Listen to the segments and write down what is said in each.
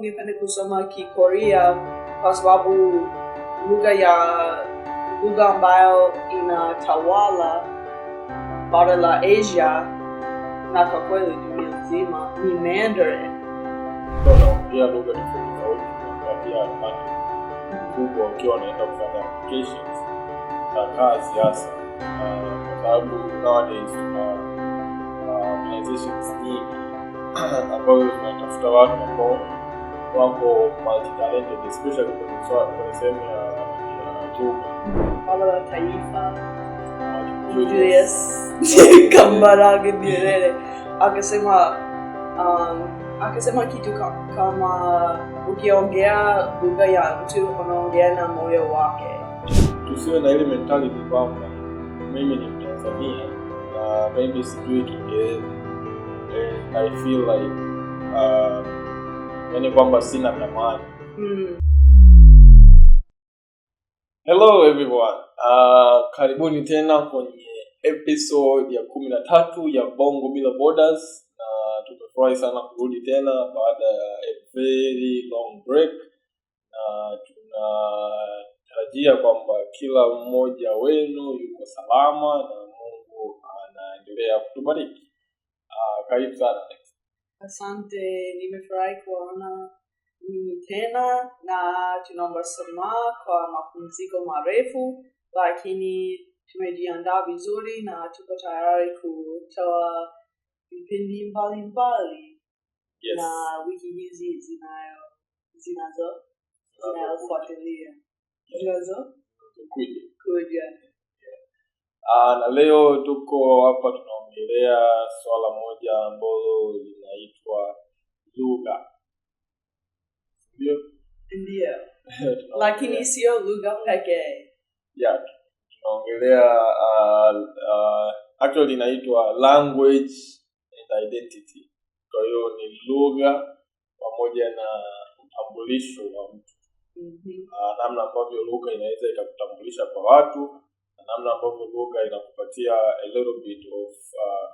ningependa kusoma Kikorea kwa sababu lugha ya lugha ambayo inatawala bara la Asia na kwa kweli dunia nzima ni Mandarin. lugha tofauti tofauti, kuangalia wanaenda kufanya applications za kazi hasa, kwa sababu nowadays uh, organizations nyingi zinatafuta watu ambao wako multi-talented especially kwenye sehemu ya Baba wa Taifa Julius Kambarage Nyerere akasema um, akasema kitu kama ukiongea lugha ya mtu unaongea na moyo wake. Tusiwe na ile mentality kwamba mimi ni Mtanzania na maybe sijui Kiingereza. Eh, I feel like uh, yani kwamba sina thamani mm. Hello everyone uh, karibuni tena kwenye episode ya kumi na tatu ya Bongo Bila Borders na uh, tumefurahi sana kurudi tena baada ya a very long break na uh, tunatarajia kwamba kila mmoja wenu yuko salama na Mungu anaendelea kutubariki. Uh, karibu sana Asante, nimefurahi kuona mimi tena na tunaomba msamaha kwa mapumziko marefu, lakini tumejiandaa vizuri na tuko tayari kutoa vipindi mbalimbali Yes. na wiki hizi zinayo- zinazo zinayofuatilia zinazo kuja kuja Ah, na leo tuko hapa tunaongelea swala moja ambalo linaitwa lugha, ndio lakini sio lugha pekee. tunaongelea ah, ah, actually inaitwa language and identity. Kwa hiyo ni lugha pamoja na utambulisho wa mtu mm-hmm. uh, namna ambavyo lugha inaweza ikakutambulisha kwa watu na namna ambavyo lugha inakupatia a little bit of uh,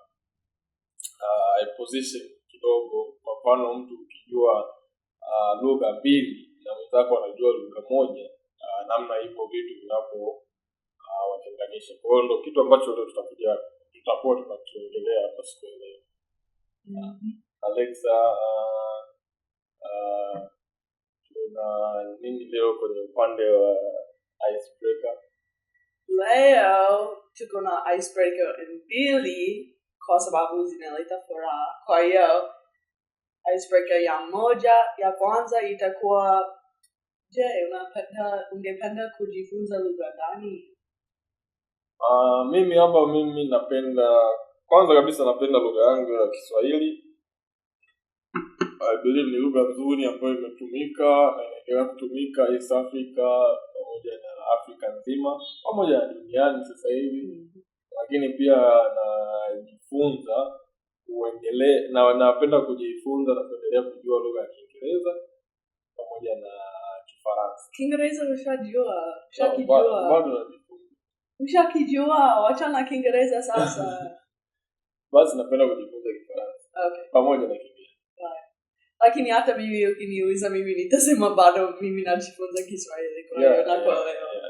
uh, a position kidogo. Kwa mfano mtu ukijua uh, lugha mbili na mwenzako anajua lugha moja uh, namna hivyo vitu vinavyo uh, watenganisha. Kwa hiyo ndo kitu ambacho leo tutakuja tutakuwa tunakiongelea hapa siku ya leo. Mm-hmm. Alexa uh, uh, tuna nini leo kwenye upande wa icebreaker? Leo tuko an icebreaker mbili kwa sababu zinaleta furaha. Kwa hiyo icebreaker ya moja ya kwanza itakuwa je, unapenda ungependa kujifunza lugha gani? Uh, mimi hapa mimi napenda kwanza kabisa napenda lugha yangu ya Kiswahili. I believe ni lugha nzuri ambayo imetumika na inaendelea kutumika East Africa pamoja na nzima pamoja na duniani sasa hivi mm-hmm. lakini pia najifunza kuendelea na napenda kujifunza na kuendelea kujua lugha ya kiingereza pamoja na kifaransa kiingereza umeshajua ushakijua wachana kiingereza sasa basi napenda kujifunza kifaransa okay. pamoja na kiingereza lakini hata mimi ukiniuliza mimi nitasema bado mimi najifunza kiswahili kwa hiyo yeah, nakuelewa yeah, yeah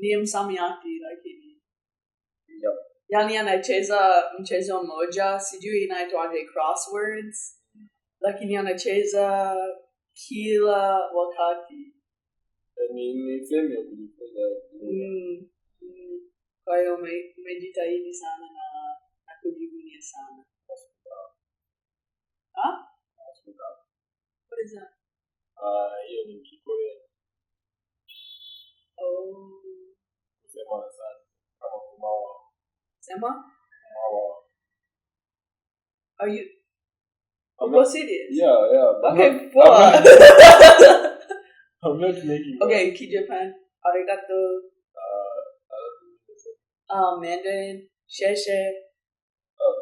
ni msamiati lakini yani anacheza mchezo mmoja sijui inaitwaje crosswords lakini anacheza kila wakati ni sehemu mm, mm. umejitahidi sana na, na kujivunia sana What is that? Uh, yeah, oh. alikuwa anasali kama kumawa are you I'm not, serious yeah yeah I'm okay not, poor I'm I'm not making okay Ki Japan arigato uh, uh Mandarin sheshe oh, uh,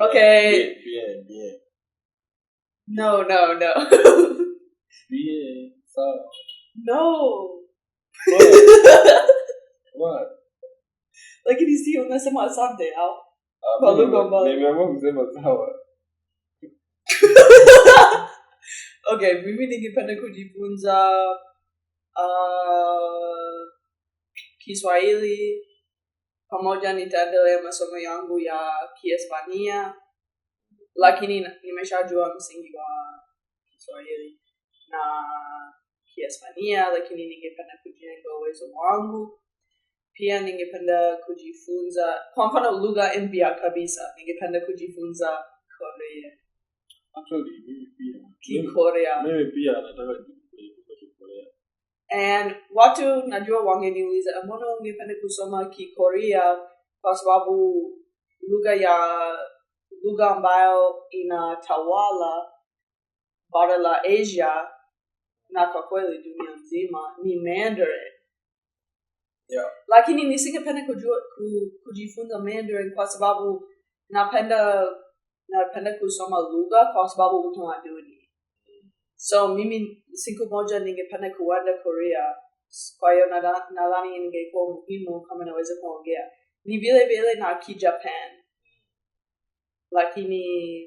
okay uh, yeah, okay yeah yeah no no no yeah sorry No. What? what? Lakini sio unasema asante au ah, kwa lugha mbaya. Nimeamua kusema sawa. Okay, mimi ningependa kujifunza uh, Kiswahili pamoja nitaendelea masomo yangu ya Kihispania, lakini nimeshajua msingi wa Kiswahili na Kihispania, lakini ningependa kujenga uwezo wangu. Pia ningependa kujifunza, kwa mfano, lugha mpya kabisa. Ningependa kujifunza Korea, Actually, pia. nataka kujifunza Kikorea. And watu najua wangeniuliza, mbona ungependa kusoma Kikorea kwa sababu lugha ya lugha ambayo inatawala bara la Asia na kwa kweli dunia nzima ni mandarin yeah. lakini nisingependa kujifunza mandarin kwa sababu napenda napenda kusoma lugha kwa sababu utamaduni so mimi siku moja ningependa kuenda korea kwa hiyo nadhani ningekuwa muhimu kama naweza kuongea ni vile vile na kijapan lakini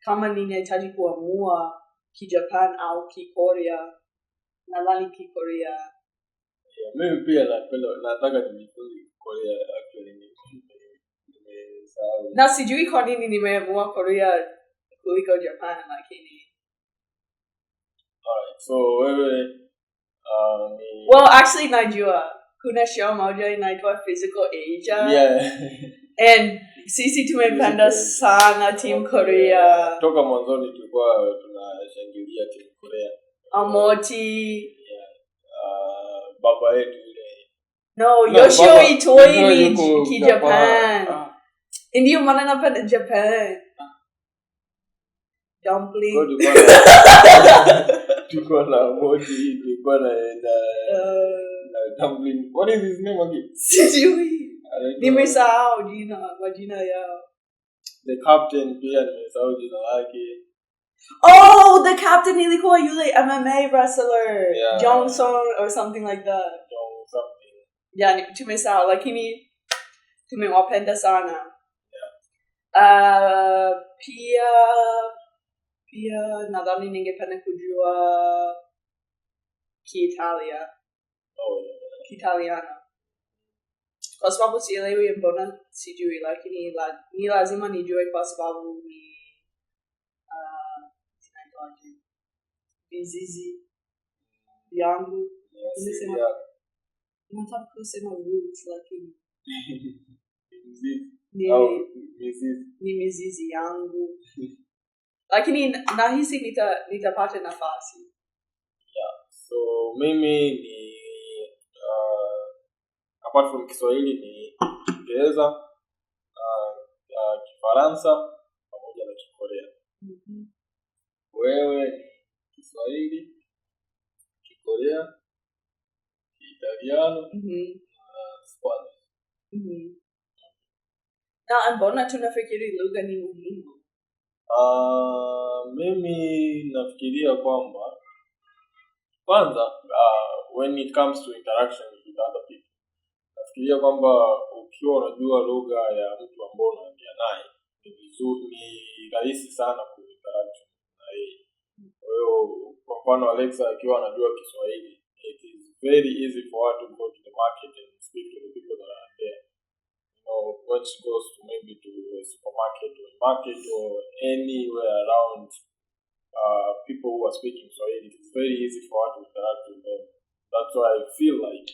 kama ninahitaji kuamua ki Japan au ki Korea. Nadhani ki Korea. Yeah, mimi pia napenda nataka nijifunze Korea actually ni. Na sijui kwa nini nimeamua Korea kuliko Japan lakini Alright, so wewe uh, ni... Well, actually najua kuna show moja inaitwa Physical Asia. Yeah. and sisi tumependa sana team korea toka mwanzoni tulikuwa tunashangilia team korea amoti yeah. uh, baba yetu ile no, no yoshio itoini kijapan ah. ndiyo napenda japan ah. dumpling na moji tulikuwa na na uh. dumpling what is his name again sijui Ni sahau jina majina yao. The captain pia nimesahau jina lake. Oh, the captain ilikuwa yule MMA wrestler yeah. Jong or something like that. Jong something. Yeah, tumesahau lakini tumewapenda sana. Yeah. Uh, pia pia nadhani ningependa kujua Kiitalia. Oh, yeah. Kiitaliano. kwa sababu sielewi mbona sijui lakini la, ni lazima nijue kwa sababu ni uh, mizizi yangu nataka kusema lakini ni, ni oh, mizizi yangu lakini nahisi nita, nitapata nafasi yeah. so mimi ni uh, apart from Kiswahili ni Kiingereza, na Kifaransa pamoja na Kikorea. Mm-hmm. Wewe ni Kiswahili, Kikorea, Kiitaliano mm-hmm. na Spanish. Mm-hmm. Na tunafikiri lugha ni muhimu? Ah, mimi nafikiria kwamba kwanza uh, when it comes to interaction with other nafikiria kwamba ukiwa unajua lugha ya mtu ambao unaongea naye ni vizuri, ni rahisi sana kuinteract na yeye. Kwa hiyo kwa mfano Alexa akiwa anajua Kiswahili, it is very easy for her to go to the market and speak to the people that are there. You know, when she goes to maybe to a supermarket or a market or anywhere around uh, people who are speaking Swahili, it is very easy for her to interact with them. That's why I feel like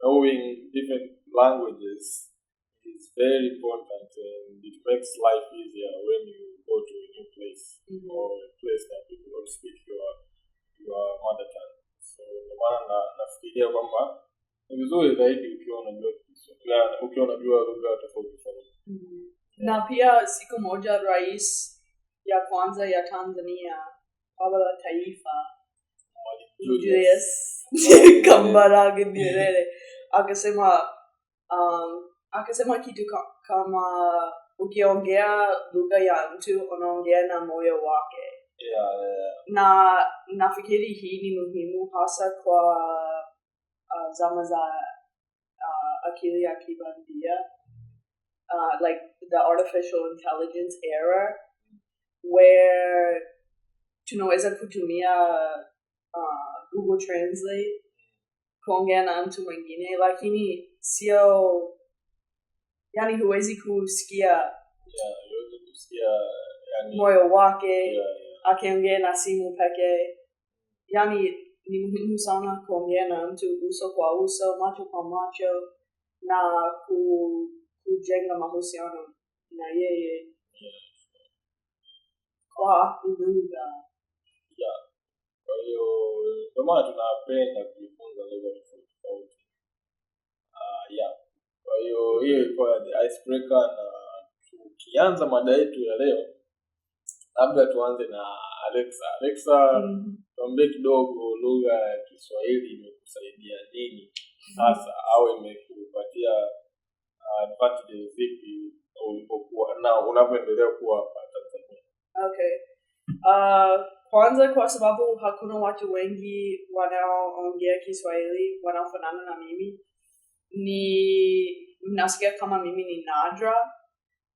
knowing different languages is very important and it makes life easier when you go to a new place mm-hmm. or a place that people don't speak your, your mother tongue. So ndio maana na, nafikiria kwamba ni vizuri zaidi ukiwa unajua ukiwa unajua lugha tofauti tofauti. Mm-hmm. Na pia siku moja rais ya kwanza ya Tanzania, baba la taifa Julius Kambarage Nyerere akasema um, akasema kitu ka, kama ukiongea lugha ya mtu unaongea na moyo wake yeah, yeah. na nafikiri hii ni muhimu hasa kwa uh, zama za uh, akili ya kibandia uh, like the artificial intelligence era where tunaweza kutumia uh, google translate kuongea na mtu mwingine lakini sio yani huwezi kusikia yeah, wake na simu pekee yani ni na mtu uso kwa uso macho kwa macho na ku, kujenga mahusiano na yeye kwa lugha yeah. kwa hiyo Kwa hiyo hiyo ilikuwa icebreaker, na tukianza mada yetu ya leo, labda tuanze na Alexa. Alexa, mm-hmm. tuambie mm kidogo lugha ya Kiswahili imekusaidia nini sasa, mm au imekupatia uh, advantages zipi ulipokuwa na unavyoendelea kuwa hapa Tanzania? Okay. Uh, kwanza kwa sababu hakuna watu wengi wanaoongea Kiswahili wanaofanana na mimi ni mnasikia kama mimi ni nadra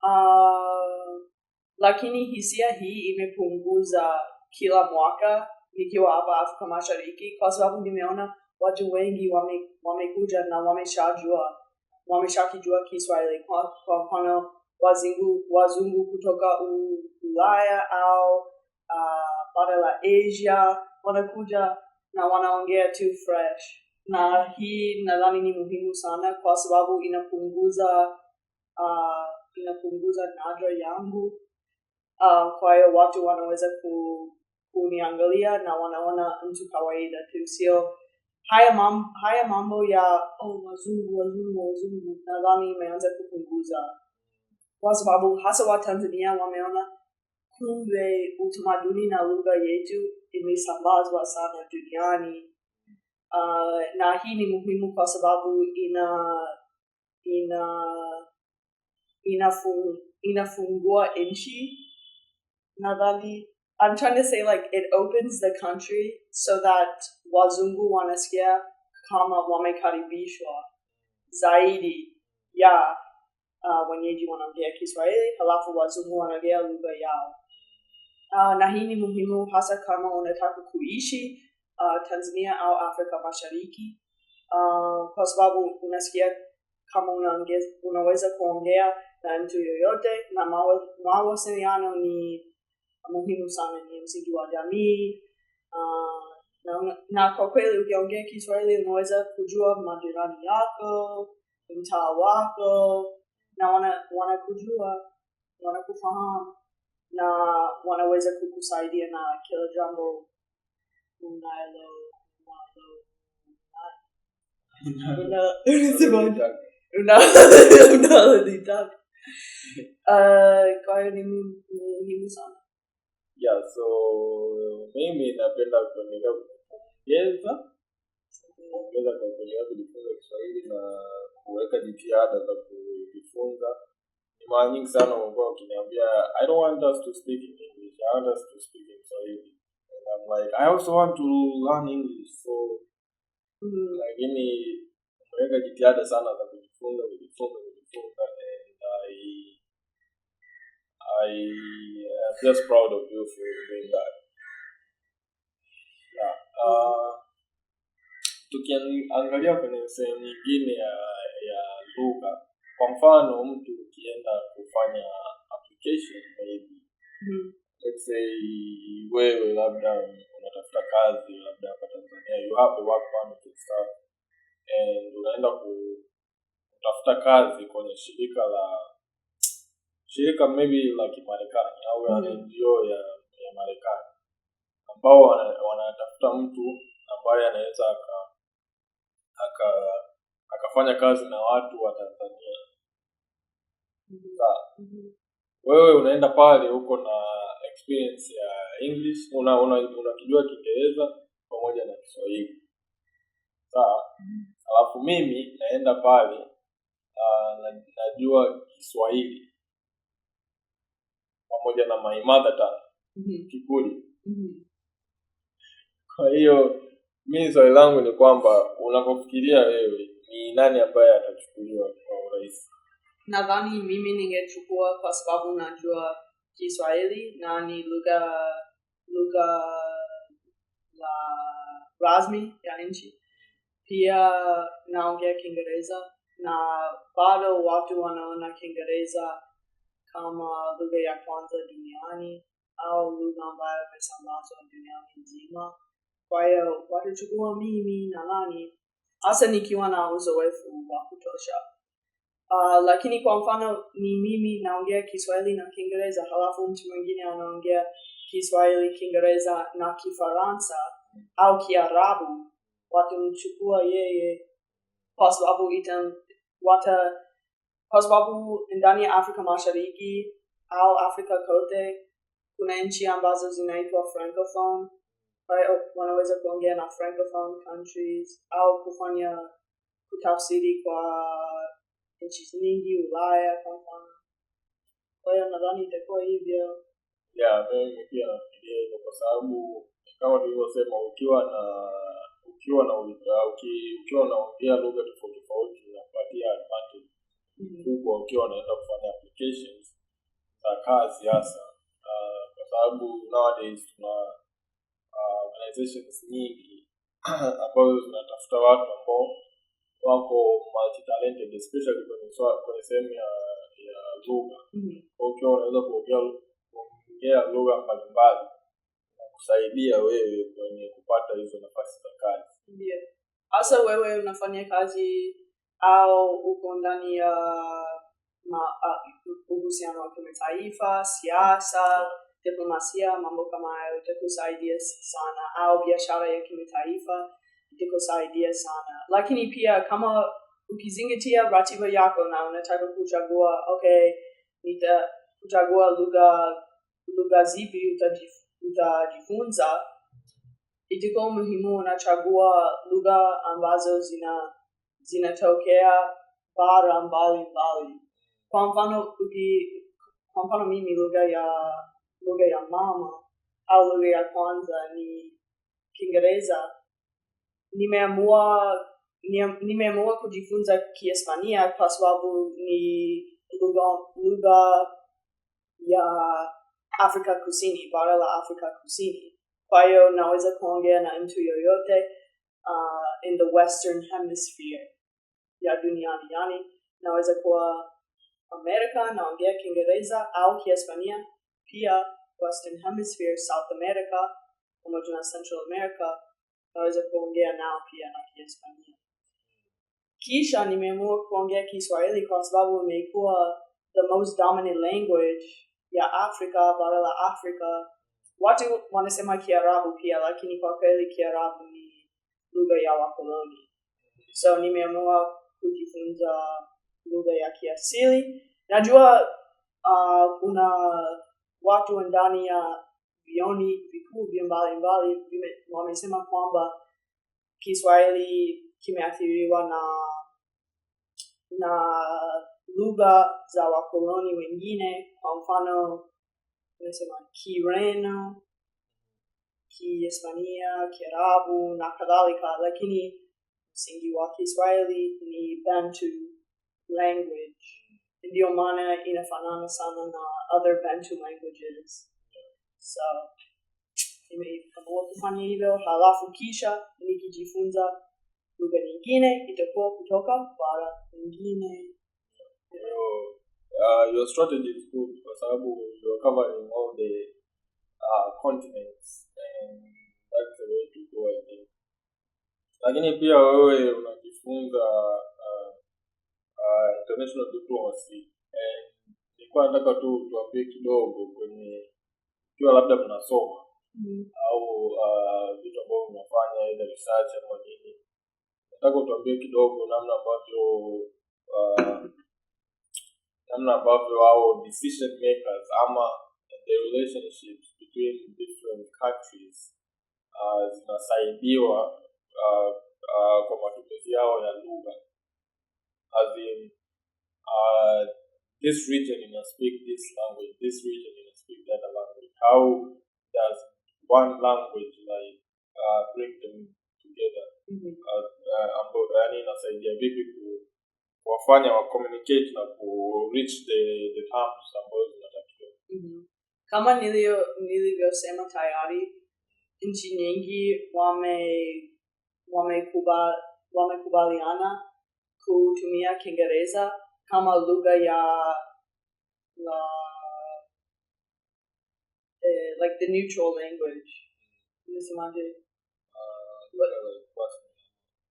uh, lakini hisia hii imepunguza kila mwaka nikiwa hapa afrika mashariki kwa sababu nimeona watu wengi wamekuja wame na wameshajua wameshakijua kiswahili kwa, mfano wazungu, wazungu kutoka ulaya au uh, bara la asia wanakuja na wanaongea tu fresh na hii nadhani ni muhimu sana kwa sababu inapunguza uh, inapunguza nadra yangu uh, kwa hiyo watu wanaweza ku, kuniangalia na wanaona mtu kawaida tu sio haya, mam, haya mambo ya oh, wazungu wazungu wazungu nadhani imeanza kupunguza kwa sababu hasa watanzania wameona kumbe utamaduni na lugha yetu imesambazwa sana duniani uh, na hii ni muhimu kwa sababu ina ina inafung, inafungua nchi nadhani I'm trying to say like it opens the country so that wazungu wanasikia kama wamekaribishwa zaidi ya uh, wenyeji wanaongea Kiswahili, halafu wazungu wanaongea lugha yao. Uh, na hii ni muhimu hasa kama unataka kuishi uh, Tanzania au Afrika Mashariki uh, kwa sababu unasikia kama unaweza kuongea na mtu yoyote, na mawasiliano ni muhimu sana, ni msingi wa jamii uh, na, na kwa kweli ukiongea Kiswahili unaweza kujua majirani yako, mtaa wako, na wanakujua wana wanakufahamu na wanaweza kukusaidia na kila jambo unalolitaka uh, so mimi napenda kuendelea kuongeza kuongeza kuendelea kujifunza kiswahili na kuweka jitihada za kujifunza ni mara nyingi sana umekuwa ukiniambia i don't want us to speak in english i want us to speak in swahili And I'm like, I also want to learn English, so mm. any, umeweka jitihada sana za kujifunza kujifunza kujifunza, and I I am just proud of you for doing that. Yeah. Uh, tukiangalia kwenye sehemu nyingine ya ya lugha, kwa mfano mtu ukienda kufanya application maybe mm. wewe labda unatafuta kazi labda hapa tanzania you have work and unaenda kutafuta kazi kwenye shirika la shirika maybe la kimarekani au mm. ya, ya marekani ambao wanatafuta wana mtu ambaye anaweza aka, aka akafanya kazi na watu wa tanzania mm-hmm. mm-hmm. wewe unaenda pale huko na experience ya English, una una unakijua Kiingereza pamoja na Kiswahili. Sawa? Alafu mimi naenda pale uh, najua Kiswahili pamoja na my mother tongue mm-hmm. Mm-hmm. Kwa hiyo mimi swali langu ni kwamba unapofikiria wewe ni nani ambaye atachukuliwa kwa urahisi? Nadhani mimi ningechukua kwa sababu najua Kiswahili na ni lugha lugha la rasmi ya nchi. Pia naongea Kiingereza na bado watu wanaona Kiingereza kama lugha ya kwanza duniani au lugha ambayo imesambazwa duniani nzima. Kwa hiyo watachukua mimi na nani hasa nikiwa na uzoefu wa kutosha uh, lakini kwa mfano ni mimi naongea Kiswahili na Kiingereza, halafu mtu mwingine anaongea Kiswahili, Kiingereza na Kifaransa au Kiarabu, watamchukua yeye kwa sababu wata kwa sababu ndani ya Afrika Mashariki au Afrika kote kuna nchi ambazo zinaitwa francophone wanaweza kuongea na francophone countries au kufanya kutafsiri kwa nchi nyingi ulaya kama kwa hiyo nadhani itakuwa hivyo ya mimi pia nafikiria hivyo kwa sababu kama tulivyosema ukiwa na ukiwa na uh, ukiwa unaongea lugha tofauti tofauti unapatia advantage mm-hmm. kubwa ukiwa unaenda kufanya applications za kazi hasa uh, kwa sababu nowadays tuna uh, organizations nyingi ambazo zinatafuta watu ambao wako multi talented especially kwenye kwenye sehemu ya ya lugha mm-hmm. ukiwa unaweza kuongea kuongea lugha mbalimbali kusaidia wewe kwenye kupata hizo nafasi za kazi ndio hasa wewe unafanya kazi au uko ndani ya uhusiano wa kimataifa siasa diplomasia mambo kama hayo itakusaidia sana au biashara ya kimataifa ndiposa idea sana lakini pia kama ukizingatia ratiba yako na unataka kuchagua okay nita kuchagua lugha lugha zipi utajifunza itiko muhimu unachagua lugha ambazo zina zinatokea bara mbalimbali kwa mfano uki kwa mfano mimi lugha ya lugha ya mama au lugha ya kwanza ni kiingereza nimeamua nimeamua kujifunza kihispania kwa sababu ni lugha ya afrika kusini bara la afrika kusini kwa hiyo naweza kuongea na mtu yoyote uh, in the western hemisphere ya duniani yani naweza kuwa amerika naongea kiingereza au kihispania pia western hemisphere south america pamoja na central america naweza kuongea nao pia na Kihispania. Kisha nimeamua kuongea Kiswahili kwa sababu imekuwa the most dominant language ya Afrika, bara la Afrika. Watu wanasema Kiarabu pia, lakini kwa kweli Kiarabu ni lugha ya wakoloni, so nimeamua kujifunza lugha ya kiasili. Najua uh, kuna watu ndani ya vioni vikuu vya mbalimbali wamesema kwamba Kiswahili kimeathiriwa na na lugha za wakoloni wengine, kwa mfano wamesema Kireno, Kihispania, Kiarabu na kadhalika, lakini msingi wa Kiswahili ni Bantu language, ndio maana inafanana sana na other Bantu languages sawa nimekagua kufanya hivyo halafu kisha nikijifunza lugha nyingine itakuwa kutoka bara nyingine uh, your strategy is good kwa sababu you are covering all the uh, continents and that's the way to go I think. Lakini pia wewe unajifunza uh, uh, international diplomacy and nilikuwa nataka tu tuambie kidogo kwenye ikiwa labda kuna mm. au uh, vitu ambavyo unafanya ile research ama nini nataka utuambie kidogo namna ambavyo uh, namna ambavyo au decision makers ama the relationships between different countries uh, zinasaidiwa uh, uh, kwa matumizi yao ya lugha as in uh, this region ina speak this language this region ina speak the other language? How does one language like uh, bring them together? Mm-hmm. Uh, uh, I yani communicate reach the, the terms mm-hmm. Kama nilivyosema tayari, nchi nyingi wame wamekubaliana wame, wame kutumia Kiingereza kama lugha ya la like the neutral language in the uh,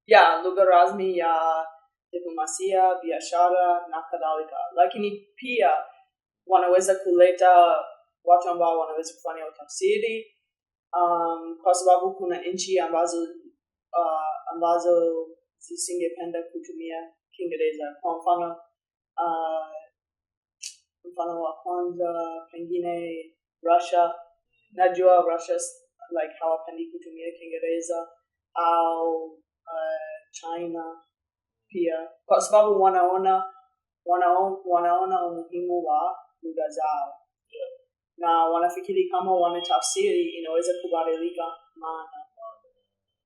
Yeah, Lugarazmi ya diplomacia, biashara, nakadalika. Lakini pia wanaweza kuleta watu ambao wanaweza kufanya utafsiri um, kwa sababu kuna nchi ambazo uh, ambazo zisingependa kutumia Kiingereza. Kwa mfano uh, mfano wa kwanza pengine Russia najua russia like hawapendi kutumia kiingereza au uh, china pia kwa sababu wanaona wanaona, wanaona umuhimu wa lugha zao yeah. na wanafikiri kama wanatafsiri inaweza kubadilika maana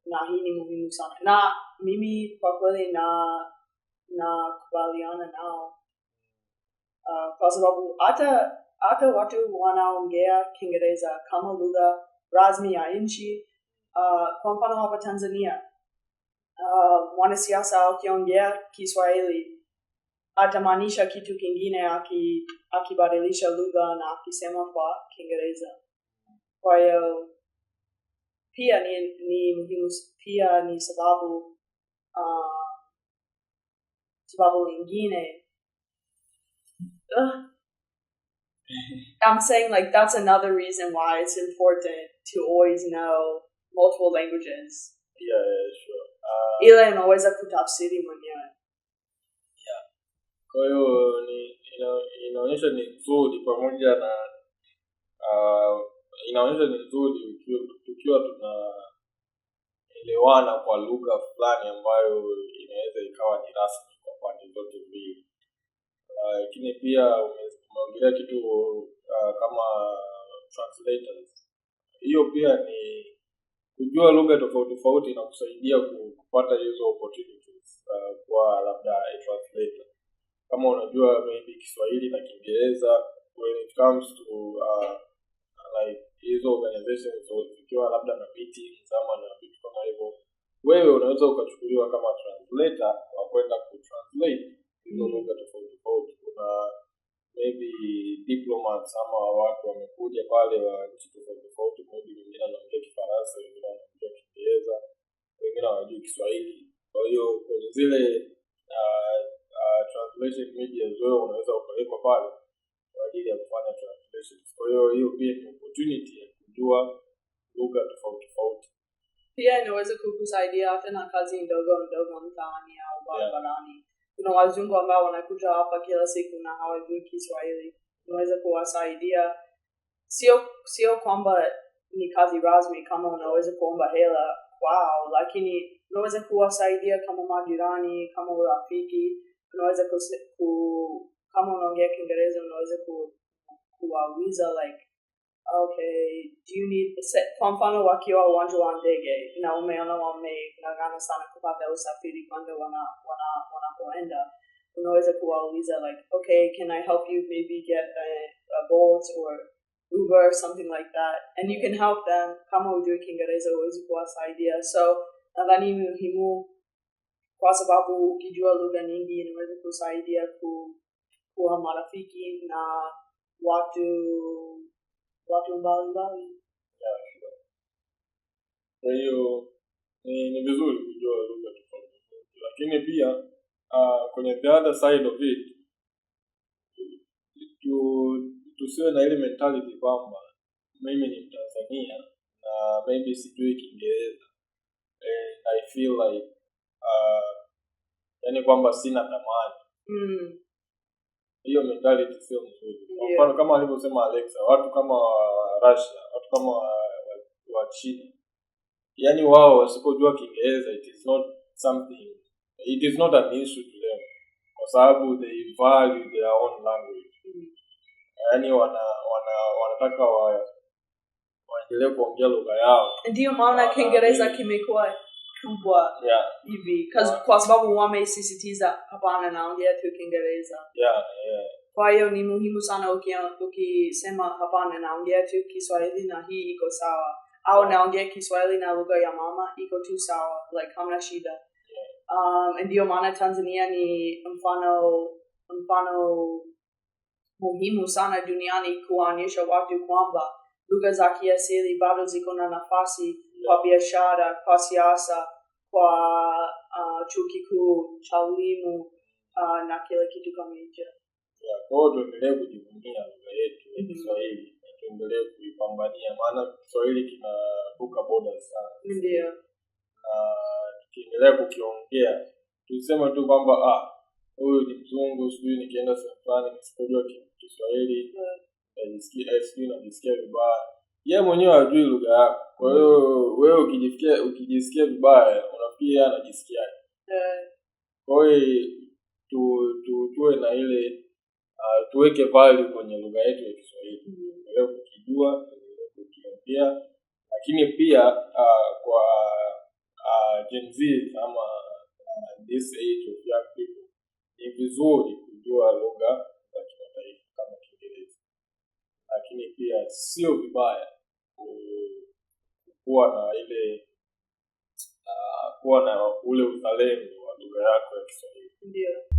na hii ni muhimu sana na mimi kwa kweli na na nao uh, kwa sababu hata hata watu wanaongea Kiingereza kama lugha rasmi ya nchi. Uh, kwa mfano hapa Tanzania uh, mwanasiasa akiongea Kiswahili atamaanisha kitu kingine aki, akibadilisha lugha na akisema kwa Kiingereza. Kwa hiyo pia ni, ni muhimu, pia ni sababu uh, sababu lingine uh, ah, I'm saying like that's another reason why it's important to always know multiple languages. Yeah, yeah sure. Uh, ila inaweza kutafsiri mwenyewe. Yeah. Kwa hiyo ni inaonyesha ni nzuri pamoja na uh, inaonyesha ni nzuri tukiwa tunaelewana kwa lugha fulani ambayo inaweza ikawa ni rasmi kwa pande zote mbili, uh, lakini pia unaongelea kitu uh, kama translators. Hiyo pia ni kujua lugha tofauti tofauti inakusaidia kupata hizo opportunities uh, kwa labda a translator. Kama unajua maybe Kiswahili na Kiingereza when it comes to uh, like hizo organizations zikiwa labda na meetings ama na vitu kama hivyo, wewe unaweza ukachukuliwa kama translator wa kwenda kutranslate hizo lugha tofauti tofauti. Kuna maybe diplomats ama watu wamekuja pale wa nchi tofauti tofauti, maybe wengine wanaongea Kifaransa, wengine wanaongea Kiingereza, wengine hawajui Kiswahili. Kwa hiyo kwenye zile uh, uh, translation unaweza ukawekwa pale kwa ajili ya kufanya translations. Kwa hiyo hiyo pia ni opportunity ya kujua lugha tofauti tofauti pia inaweza kukusaidia tena kazi ndogo ndogo mtaani au barabarani yeah kuna wazungu ambao wanakuja hapa kila siku na hawajui kiswahili unaweza kuwasaidia sio sio kwamba ni kazi rasmi kama unaweza kuomba hela kwao lakini unaweza kuwasaidia kama majirani kama urafiki unaweza ku, kama unaongea kiingereza unaweza ku, kuwauliza like okay, do you need kwamfano wakiwa wanjwa ndege na umeona wame nagana sana kupata usafiri kwenda wana wana wanapoenda unaweza kuwauliza like okay can i help you maybe get a, a bolt or uber or something like that and you can help them kama ujui kiingereza uwezi idea so nadhani muhimu kwa sababu ukijua lugha nyingi inaweza kusaidia ku kuwa marafiki na watu watu mbalimbali kwa hiyo ni, ni vizuri kujua lugha tofauti tofauti lakini pia uh, kwenye the other side of it tu, tusiwe na ile mentality kwamba mimi ni mtanzania na maybe sijui kiingereza and i feel like uh, yani kwamba sina thamani mm hiyo mentality sio mzuri kwa mfano kama alivyosema alexa watu kama russia watu kama wa china yani wao wasipojua kiingereza it is not something it is not an issue to them kwa sababu they value their own language Yani wana wana wanataka wa waendelee kuongea lugha yao ndio maana kiingereza kimekuwa kubwa yeah. hivi yeah. kwa sababu wamesisitiza hapana naongea tu kiingereza yeah, yeah. kwa hiyo ni muhimu sana ukisema hapana naongea tu kiswahili na hii iko sawa au naongea kiswahili na lugha ya mama iko tu sawa like hamna shida um, ndio maana tanzania ni mfano mfano muhimu sana duniani kuwaonyesha watu kwamba lugha za kiasili bado ziko na nafasi yeah. kwa biashara kwa siasa kwa uh, chuo kikuu cha ulimu uh, na kila kitu kama hicho kwao tuendelee kujivunia lugha yetu ya mm-hmm. kiswahili na tuendelee kuipambania maana kiswahili kinavuka boda sana ndio na tukiendelea kukiongea tusema tu kwamba ah huyu ni mzungu sijui nikienda sehemu fulani nisipojua kiswahili yeah. najisikia eh, sijui najisikia vibaya yeye mwenyewe hajui lugha yako kwa hiyo wewe ukijisikia ukijisikia vibaya unafikiri anajisikiaje kwa hiyo tu, tu, tuwe na ile uh, tuweke value kwenye lugha yetu ya kiswahili tuendelee kukijua kukiongea lakini pia uh, kwa uh, Gen Z ama uh, this age of young people ni vizuri kujua lugha lakini pia sio vibaya kuwa na ile uh, kuwa na ule uzalendo wa lugha yako ya Kiswahili ndio